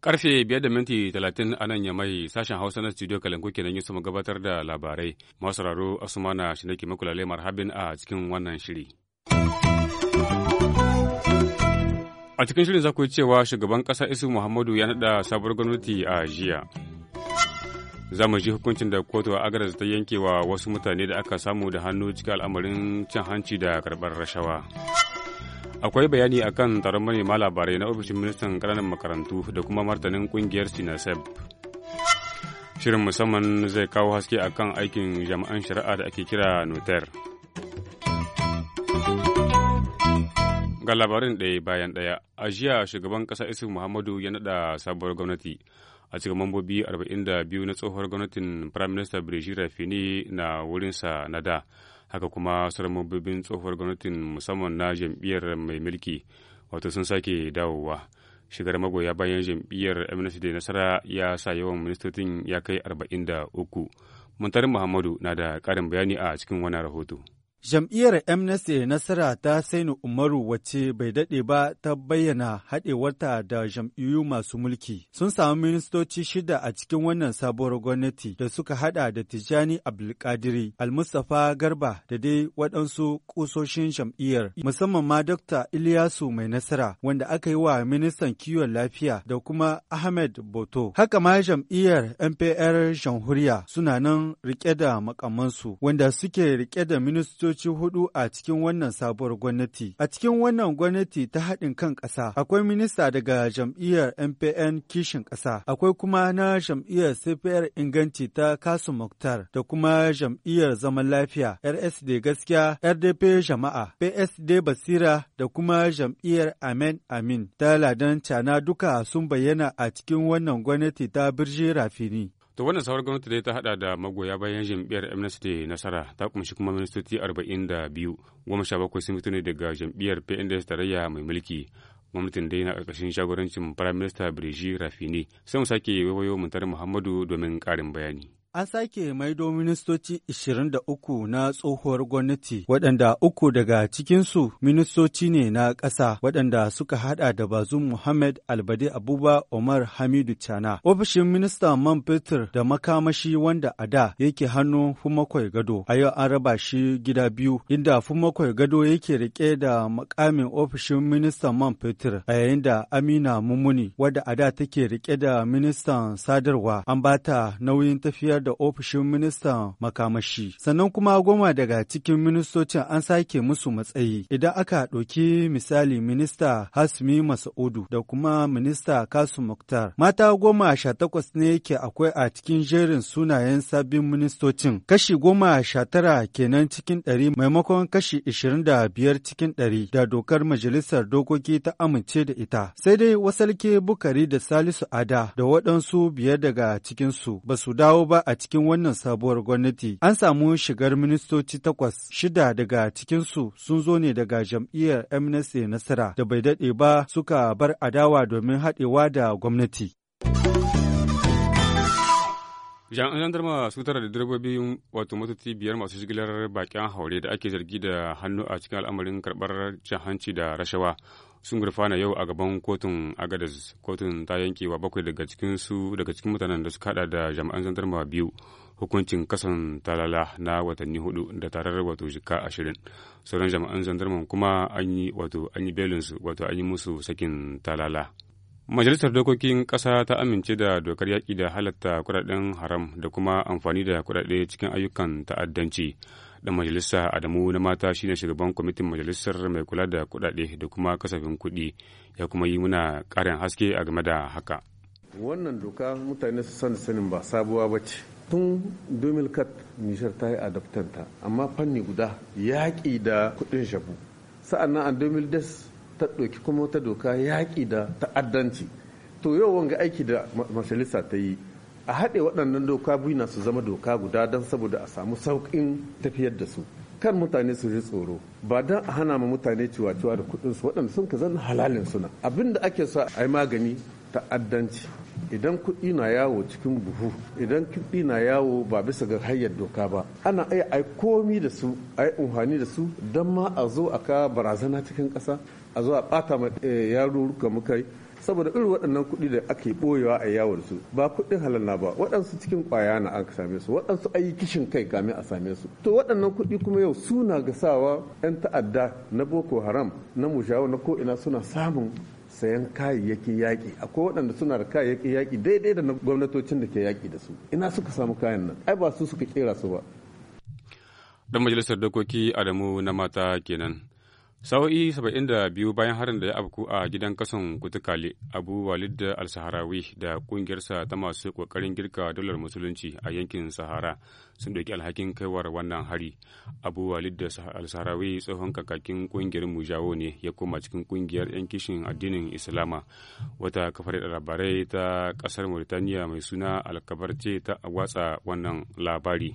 Karfe biyar da minti talatin a nan yamai sashen Hausa na studio Kalangu kenan yi mu gabatar da labarai. Masu raro Asumana shi nake makulale marhabin a cikin wannan shiri. A cikin shirin za ku cewa shugaban ƙasa Isu Muhammadu ya naɗa sabuwar gwamnati a jiya. za mu ji hukuncin da kotu a agaraz ta yanke wa wasu mutane da aka samu da hannu cikin al'amarin cin hanci da karɓar rashawa akwai bayani akan taron manema labarai na ofishin ministan ƙananan makarantu da kuma martanin ƙungiyar sinaseb shirin musamman zai kawo haske akan aikin jami'an shari'a da ake kira noter ga labarin ɗaya bayan ɗaya a jiya shugaban ƙasa isu muhammadu ya naɗa sabuwar gwamnati a cikin mambobi 42 na tsohuwar gwamnatin prime minister brigitte rafini na wurinsa na da haka kuma sauran mambobin tsohuwar gwamnatin musamman na jam'iyyar mai mulki wato sun sake dawowa shigar magoya bayan jam'iyyar amnesty da nasara ya sa yawan ministocin ya kai 43 muntarin muhammadu na da karin bayani a cikin wannan rahoto Jam'iyyar MNSA Nasara ta Sainu Umaru wace bai daɗe ba ta bayyana haɗewarta da jam'iyyu masu mulki. Sun samu ministoci shida a cikin wannan sabuwar gwamnati da suka haɗa da Tijjani Abdulkadiri, Almustapha Garba da dai waɗansu ƙusoshin jam'iyyar, musamman ma Dr. Iliyasu Mai Nasara wanda aka yi wa ministan kiwon lafiya da kuma Ahmed Boto. Haka ma jam'iyyar NPR Jamhuriya suna nan riƙe da makamansu wanda suke riƙe da ministoci ministoci hudu a cikin wannan sabuwar gwamnati. A cikin wannan gwamnati ta haɗin kan ƙasa akwai minista daga jam'iyyar MPN kishin ƙasa, akwai kuma na jam'iyyar CPR inganci ta Kasu Muktar da kuma jam'iyyar zaman lafiya RSD gaskiya RDP jama'a PSD Basira da kuma jam'iyyar Amen Amin ta Ladan Cana duka sun bayyana a cikin wannan gwamnati ta Birji Rafini. To wannan sauran gwamnati dai ta hada da magoya bayan jam'iyyar Amnesty Nasara ta kumshi kuma ministoci 42 goma sha bakwai sun fito ne daga jam'iyyar PNDS tarayya mai mulki. Gwamnatin dai na karkashin shagorancin Prime Minister Brigitte Rafini. Sai mu sake wayo mutar Muhammadu domin karin bayani. An sake maido ministoci 23 na tsohuwar gwamnati waɗanda uku daga cikinsu ministoci ne na ƙasa waɗanda suka haɗa da Bazum Muhammad Albade Abuba Omar Hamidu Chana. Ofishin minista man fetur da makamashi wanda a da yake hannu Fumakwai Gado a yau an raba shi gida biyu inda Fumakwai Gado yake rike da makamin ofishin ministan man fetur a yayin da Amina Mumuni wadda a da take rike da ministan sadarwa an ba ta nauyin tafiyar da ofishin minista makamashi. Sannan kuma goma daga cikin ministocin an sake musu matsayi. Idan aka ɗauki misali minista Hasmi Masaudu da kuma minista Kasu Muktar. Mata goma sha takwas ne yake akwai a cikin jerin sunayen sabbin ministocin. Kashi goma sha tara kenan cikin ɗari maimakon kashi ishirin da biyar cikin ɗari da dokar majalisar dokoki ta amince da ita. Sai dai wasalke Bukari da Salisu Ada da waɗansu biyar daga cikinsu ba su dawo ba a cikin wannan sabuwar gwamnati an samu shigar ministoci takwas shida daga cikinsu sun zo ne daga jam'iyyar amnesty nasara da bai daɗe ba suka bar adawa domin haɗewa da gwamnati. jan jami'an jandarma su tara da direbobi wato motoci biyar masu shigilar bakin haure da ake zargi da hannu a cikin al'amarin karɓar cin hanci da rashawa sun gurfana yau a gaban kotun agadez kotun ta yanke wa bakwai daga cikin su daga cikin mutanen da suka hada da jami'an zandarma biyu hukuncin kasan talala na watanni hudu da tarar wato jika ashirin sauran jami'an zandarman kuma an yi wato an yi belinsu wato an yi musu sakin talala majalisar dokokin ƙasa ta amince da dokar yaƙi da halatta kuɗaɗen haram da kuma amfani da kuɗaɗe cikin ayyukan ta'addanci dan majalisa adamu na mata shine shugaban kwamitin majalisar mai kula da kudade da kuma kasafin kuɗi ya kuma yi muna karin haske a game da haka wannan doka mutane su san sanin ba sabuwa ba ce tun 2004 nishar ta yi adaptanta amma fanni guda yaƙi da kudin shaku sa'an nan a 2010 ta ɗauki kuma wata doka yaƙi da ta'addanci to yau wanga aiki da majalisa ta yi a haɗe waɗannan doka biyu na su zama doka guda don saboda a samu sauƙin tafiyar da su kan mutane su ji tsoro ba don a hana ma mutane ciwa ciwa da kuɗin su waɗanda sun ka zan halalin suna abin da ake sa a yi magani ta'addanci idan kuɗi na yawo cikin buhu idan kuɗi na yawo ba bisa ga hanyar doka ba ana iya ai komi da su ai amfani da su don ma a zo a ka barazana cikin ƙasa a zo a ɓata ma eh, yaro ruka muka saboda irin waɗannan kuɗi da ake ɓoyewa a yawon su ba kuɗin halalla ba waɗansu cikin ƙwaya na aka same su waɗansu ayi kishin kai kamin a same su to waɗannan kuɗi kuma yau suna ga sawa 'yan ta'adda na boko haram na mushawa na ko'ina suna samun sayan kayayyakin yaƙi akwai waɗanda suna da kayayyakin yaƙi daidai da gwamnatocin da ke yaƙi da su ina suka samu kayan nan ai ba su suka kera su ba dan majalisar dokoki adamu na mata kenan Sa'o'i saba'in da biyu bayan harin da ya afku a gidan kasan kutukale Abu Walid al-Saharawi da kungiyarsa ta masu kokarin girka dalar musulunci a yankin Sahara sun ɗauki alhakin kaiwar wannan hari. Abu Walid al-Saharawi tsohon kakakin kungiyar Mujawo ne ya koma cikin kungiyar 'yan kishin addinin Islama. Wata kafar da labarai ta kasar Mauritaniya mai suna alkabarce ta watsa wannan labari.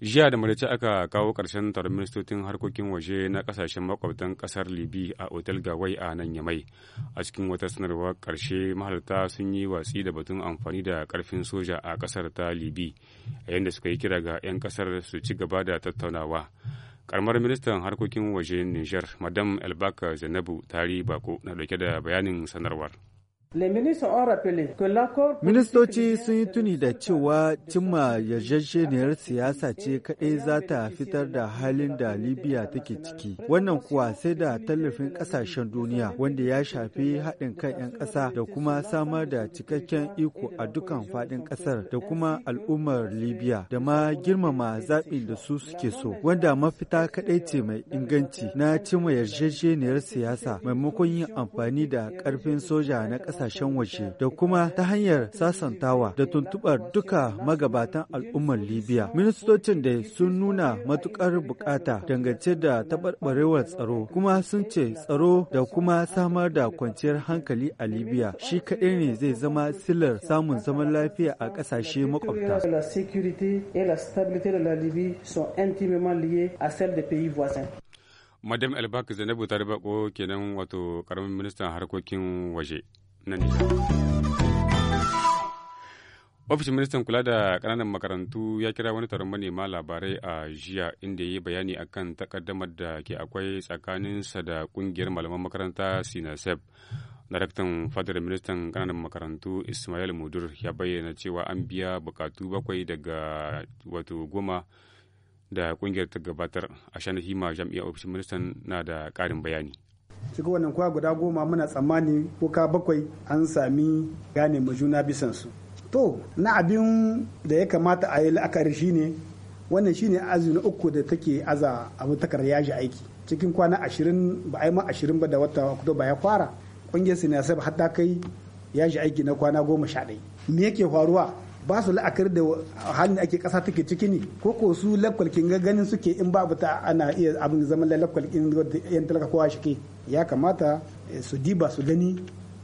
jiya da maraice aka kawo ƙarshen taron ministocin harkokin waje na ƙasashen makwabtan ƙasar libi a otal gawai a nan yamai a cikin wata sanarwar ƙarshe mahalarta sun yi watsi da batun amfani da ƙarfin soja a ƙasar ta libi yayin da suka yi kira ga 'yan ƙasar su ci gaba da tattaunawa karamar ministan harkokin waje niger madam elbaka zainabu tari bako na dauke da bayanin sanarwar Ministoci sun yi tuni da cewa cimma yarjejeniyar siyasa ce kaɗai za ta fitar da halin da Libya take ciki. Wannan kuwa sai da tallafin ƙasashen duniya wanda ya shafi haɗin kan 'yan ƙasa da kuma samar da cikakken iko a dukan faɗin ƙasar da kuma al'ummar Libya da ma girmama zaɓin da su suke so. Wanda mafita kaɗai ce mai inganci na cimma yarjejeniyar siyasa maimakon yin amfani da ƙarfin soja na ƙasa. ƙasashen waje da kuma ta hanyar sasantawa da tuntubar duka magabatan al'ummar Libya. Ministocin da sun nuna matukar bukata dangance da taɓarɓarewar tsaro kuma sun ce tsaro da kuma samar da kwanciyar hankali a Libya shi kaɗai ne zai zama silar samun zaman lafiya a ƙasashe makwabta. Madam Albak Zainabu ta bako kenan wato ƙaramin ministan harkokin waje. nan ofishin ministan kula da kananan makarantu ya kira wani taron manema labarai a jiya inda ya yi bayani akan takaddamar da ke akwai tsakaninsa da ƙungiyar malaman makaranta sinasef daraktan fadar ministan kananan makarantu ismail mudur ya bayyana cewa an biya bukatu bakwai daga wato goma da ƙungiyar ta gabatar a shanahima jam'iyyar ofishin ministan na da ƙarin bayani cikin wannan kwa guda goma muna tsammani kuka bakwai an sami gane ma juna bisan su to na abin da ya kamata a yi la'akari shine wannan shine azumi uku da take aza abu takar yaji aiki cikin kwana ashirin ba a ma ashirin ba da wata oktoba ya fara ƙungiyar sinasar hatta kai yaji aiki na kwana goma sha ɗaya me yake faruwa ba su la'akari da halin da ake kasa take ciki ne ko ko su lakwalkin ganin suke in babu ta ana iya abin zaman lakwalkin yan talaka kowa shi ke ya kamata eh, su diba su gani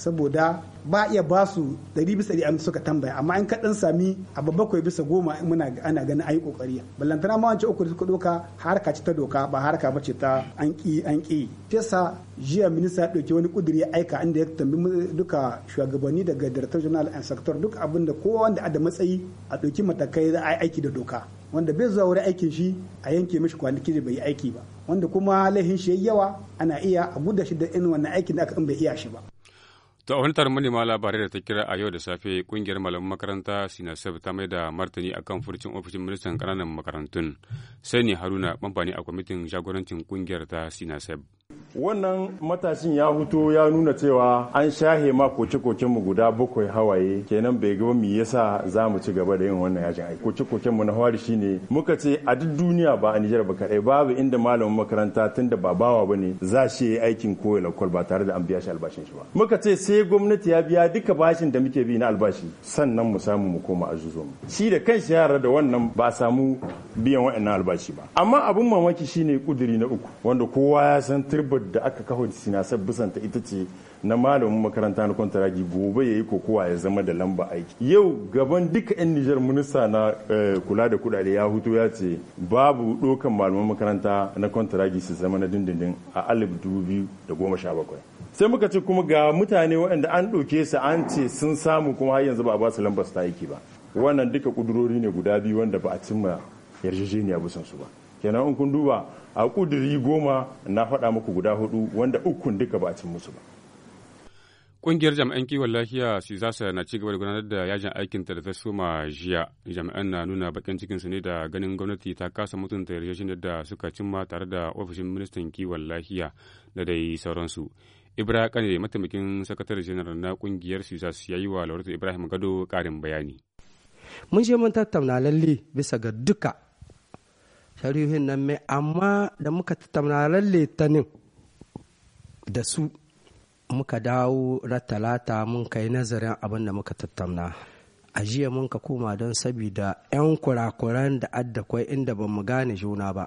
saboda ba iya ba su dari bisa ɗari suka tambaya amma in kaɗan sami a bakwai bisa goma muna ana ganin ayi kokari ballantana ma wancan uku suka doka harka ce ta doka ba harka ba ce ta an ƙi an ƙi fesa jiya minista ya ɗauki wani kudiri ya aika inda ya tambi duka shugabanni daga director general and sector duk abin da kowa wanda a da matsayi a ɗauki matakai za a aiki da doka wanda bai zuwa wurin aikin shi a yanke mishi kwanaki da bai yi aiki ba wanda kuma laifin shi yawa ana iya a guda shi da irin wannan aikin da aka in bai iya shi ba Ta a wani manema labarai da ta kira a yau da safe kungiyar malaman makaranta Sinasef ta mai da martani akan furcin ofishin ministan kananan makarantun. Sai ne Haruna bambani a kwamitin jagorancin kungiyar ta Sinasef. wannan matashin ya huto ya nuna cewa an shahe ma koke-koken mu guda bakwai hawaye kenan bai ga ya yasa za mu ci gaba da yin wannan yajin aiki koke-koken mu na hawari shine muka ce a duk duniya ba a Nijar ba kadai babu inda malamin makaranta tunda ba bawa bane za shi yi aikin koyi lakwal ba tare da an biya shi albashin shi ba muka ce sai gwamnati ya biya duka bashin da muke bi na albashi sannan mu samu mu koma azuzo mu shi da shi yara da wannan ba samu biyan wa'annan albashi ba amma abun mamaki shine kuduri na uku wanda kowa ya san turba da aka kawo sinasar bisanta ita ce na malamin makaranta na kwantaragi gobe ya yi kokowa ya zama da lamba aiki yau gaban duka 'yan nijar minista na eh, kula da kudade ya hutu ya ce babu dokan malamin makaranta na kwantaragi su zama na dindindin a sha bakwai. sai muka ce kuma ga mutane waɗanda an ɗauke su an ce sun samu kuma har yanzu ba a ba su lambar su ta aiki ba wannan duka kudurori ne guda biyu wanda ba a cimma yarjejeniya bisan su ba kenan in kun duba a kuduri goma na faɗa muku guda hudu wanda ukun duka ba a cin musu ba Ƙungiyar jami'an kiwon lafiya su na ci gaba da gudanar da yajin aikin ta da ta soma jiya. Jami'an na nuna bakin cikin su ne da ganin gwamnati ta kasa mutunta yarjejeniyar da suka cimma tare da ofishin ministan kiwon lafiya da dai sauransu. Ibra Kane mataimakin sakatare janar na kungiyar su ya yi wa Lauratu Ibrahim Gado karin bayani. Mun je mun tattauna lalle bisa ga duka sharihin nan mai amma da muka tattauna ran da su muka dawo ratalata talata mun kai nazarin abin da muka tattauna a jiya mun ka koma don sabida 'yan kurakuran da addakwai inda ba mu gane juna ba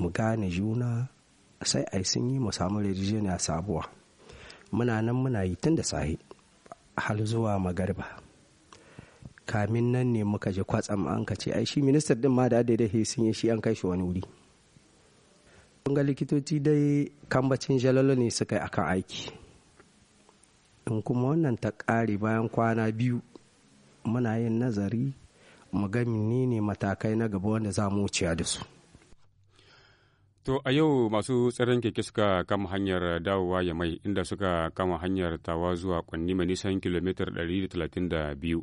mu gane juna sai a sun yi mu samu yarjejeniya sabuwa muna nan muna yi tun da sahi har zuwa magariba kamin nan ne muka je kwatsam an ka ce ai shi ministan din ma da daidai sun yi shi an kai shi wani wuri kun ga likitoci dai kambacin jalolo ne suka yi akan aiki in kuma wannan ta kare bayan kwana biyu muna yin nazari mu ga ne matakai na gaba wanda za mu wuciya da su To a yau masu tsaron keke suka kama hanyar dawowa ya mai inda suka kama hanyar tawa zuwa kwanni mai nisan kilomita 132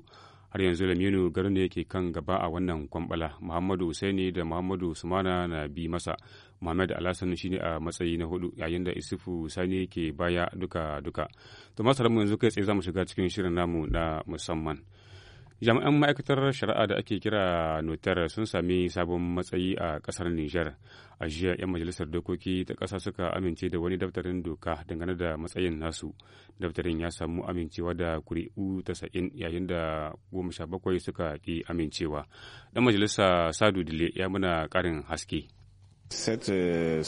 har yanzu laminu garin ne ke kan gaba a wannan kwambala muhammadu Usaini da muhammadu sumana na bi masa muhammad alhassan shine a matsayi na hudu yayin da isufu sani ke baya duka duka to mu yanzu kai tsaye za mu shiga cikin shirin namu na musamman jami'an ma'aikatar shari'a da ake kira notar sun sami sabon matsayi a kasar niger a jiya 'yan majalisar dokoki ta ƙasa suka amince da wani daftarin doka dangane da matsayin nasu daftarin ya samu amincewa da kuri'u 90 yayin da goma bakwai suka ƙi amincewa dan majalisa sadu dile ya muna ƙarin haske Eh,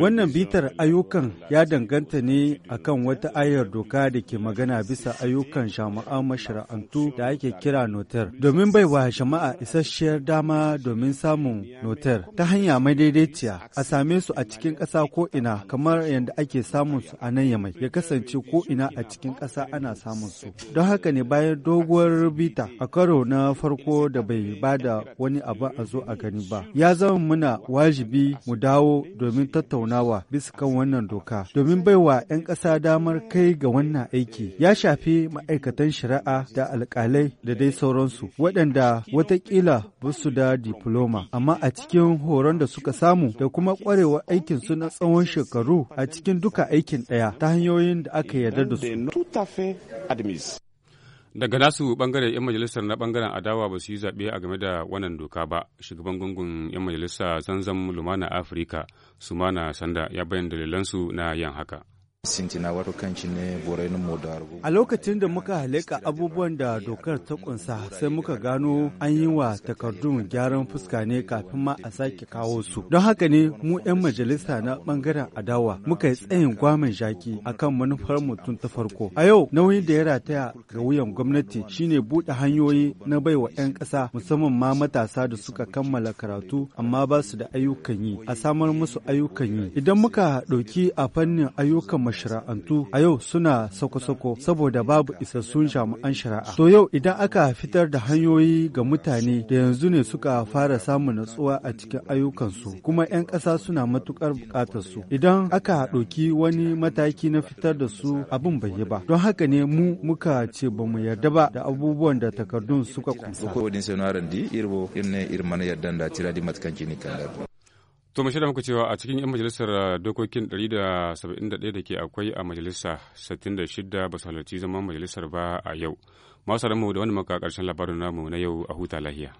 Wannan bitar ayyukan ya danganta ne a kan wata ayar doka da ke magana bisa ayyukan jama'a mashara'antu da ake kira notar, domin bai wa jama'a isasshiyar dama domin samun notar ta hanya mai madaidaiciya a same su a cikin ƙasa ko ina kamar yadda ake samun su a nan yamai ya kasance ko ina a cikin ƙasa ana samun su. Don haka ne bayan doguwar bita a karo na farko da bai bada wani abu a zo a gani ba. Ya zama muna wajibi mu dawo domin tattaunawa bisa kan wannan doka domin baiwa 'yan ƙasa damar kai ga wannan aiki ya shafi ma'aikatan shari'a da alƙalai da dai sauransu waɗanda watakila ba su da diploma amma a cikin horon da suka samu da kuma ƙwarewar aikin su na tsawon shekaru a cikin duka aikin ɗaya ta hanyoyin da aka yarda da su. Daga nasu bangare 'yan majalisar na bangaren adawa ba su yi zaɓe a game da wannan doka ba. Shugaban gungun 'yan majalisa zanzan lumana Afirka, Sumana Sanda, ya bayyana dalilansu na yin haka. A lokacin da muka halika abubuwan da dokar ta kunsa sai muka gano an yi wa takardun gyaran fuska ne kafin ma a sake kawo su. Don haka ne mu 'yan majalisa na bangaren adawa muka yi tsayin gwamin jaki akan manufar mutum ta farko. A yau nauyin da ya rataya ga wuyan gwamnati shine buɗe hanyoyi na baiwa 'yan ƙasa musamman ma matasa da suka kammala karatu amma ba su da ayyukan yi a samar musu ayyukan yi. Idan muka ɗauki a fannin ayyukan mashara'antu a yau suna sako-sako saboda babu isassun jami'an shari'a. To yau idan aka fitar da hanyoyi ga mutane da yanzu ne suka fara samun natsuwa a cikin ayyukansu kuma 'yan ƙasa suna matuƙar buƙatar su. Idan aka ɗauki wani mataki na fitar da su abin bai yi ba. Don haka ne mu muka ce ba mu yarda ba da abubuwan da takardun suka kunsa. To mu shirya muku cewa a cikin 'yan majalisar uh, dokokin 171 da ke akwai a majalisa 66 ba su halarci zaman majalisar ba a yau. Masu mu da wani maka ƙarshen labarin namu na yau a huta lahiya.